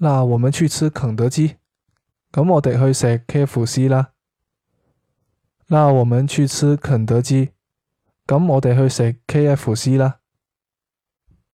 那我們去吃肯德基，咁我哋去食 KFC 啦。那我們去吃肯德基，咁我哋去食 KFC 啦。